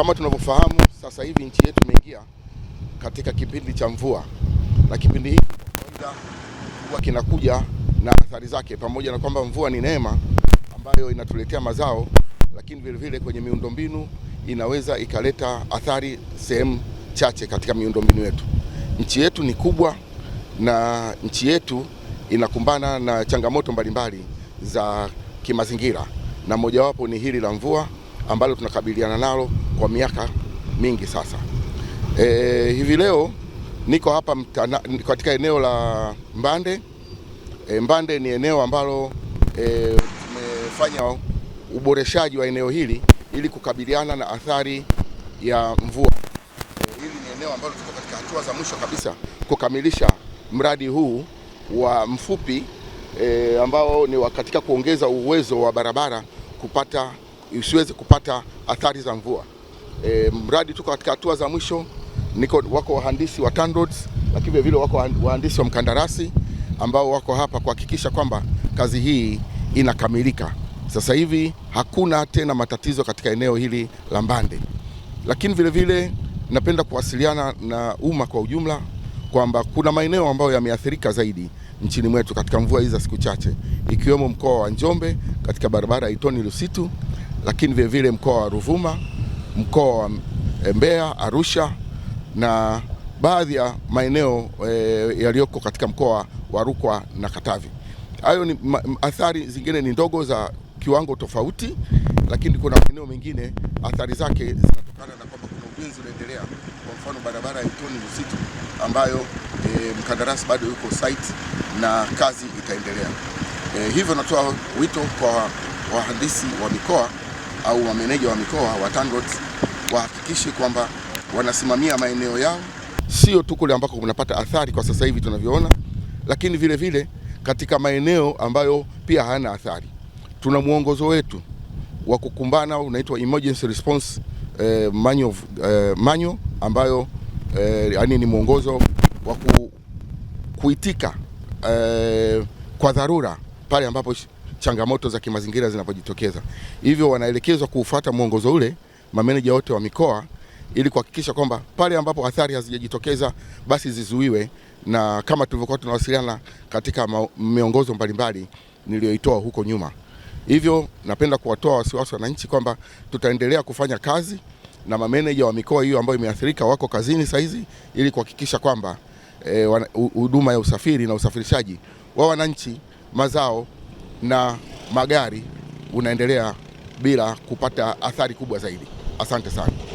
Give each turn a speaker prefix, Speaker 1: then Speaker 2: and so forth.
Speaker 1: Kama tunavyofahamu sasa hivi nchi yetu imeingia katika kipindi cha mvua, na kipindi hiki kawaida huwa kinakuja na athari zake, pamoja na kwamba mvua ni neema ambayo inatuletea mazao, lakini vile vile kwenye miundombinu inaweza ikaleta athari sehemu chache katika miundombinu yetu. Nchi yetu ni kubwa na nchi yetu inakumbana na changamoto mbalimbali za kimazingira, na mojawapo ni hili la mvua ambalo tunakabiliana nalo kwa miaka mingi sasa. E, hivi leo niko hapa mtana, katika eneo la Mbande. E, Mbande ni eneo ambalo e, tumefanya e, uboreshaji wa eneo hili ili kukabiliana na athari ya mvua. E, hili ni eneo ambalo tuko katika hatua za mwisho kabisa kukamilisha mradi huu wa mfupi e, ambao ni katika kuongeza uwezo wa barabara kupata isiweze kupata athari za mvua e, mradi tuko katika hatua za mwisho. Niko wako wahandisi wa TANROADS, lakini vile vile wako wahandisi wa mkandarasi ambao wako hapa kuhakikisha kwamba kazi hii inakamilika. Sasa hivi hakuna tena matatizo katika eneo hili la Mbande, lakini vile vile napenda kuwasiliana na umma kwa ujumla kwamba kuna maeneo ambayo yameathirika zaidi nchini mwetu katika mvua hizi za siku chache ikiwemo mkoa wa Njombe katika barabara ya Itoni Lusitu, lakini vilevile mkoa wa Ruvuma mkoa wa Mbeya, Arusha na baadhi ya maeneo e, yaliyoko katika mkoa wa Rukwa na Katavi. Hayo ni athari zingine ni ndogo za kiwango tofauti, lakini kuna maeneo mengine athari zake zinatokana na kwamba kuna ujenzi unaendelea, kwa mfano barabara ya Itoni Msitu ambayo e, mkandarasi bado yuko site na kazi itaendelea. E, hivyo natoa wito kwa wahandisi wa mikoa au wameneja wa mikoa wa TANROADS wahakikishe kwamba wanasimamia maeneo yao, sio tu kule ambako kunapata athari kwa sasa hivi tunavyoona, lakini vile vile katika maeneo ambayo pia hayana athari. Tuna mwongozo wetu wa kukumbana unaitwa emergency response eh, manual, eh, manual ambayo eh, yani ni mwongozo wa ku, kuitika eh, kwa dharura pale ambapo changamoto za kimazingira zinapojitokeza. Hivyo wanaelekezwa kuufuata mwongozo ule mameneja wote wa mikoa ili kuhakikisha kwamba pale ambapo athari hazijajitokeza basi zizuiwe, na kama tulivyokuwa tunawasiliana katika miongozo mbalimbali niliyoitoa huko nyuma. Hivyo napenda kuwatoa wasiwasi wananchi kwamba tutaendelea kufanya kazi na mameneja wa mikoa hiyo ambayo imeathirika wako kazini saizi ili kuhakikisha kwamba eh, huduma e, ya usafiri na usafirishaji wa wananchi mazao na magari unaendelea bila kupata athari kubwa zaidi. Asante sana.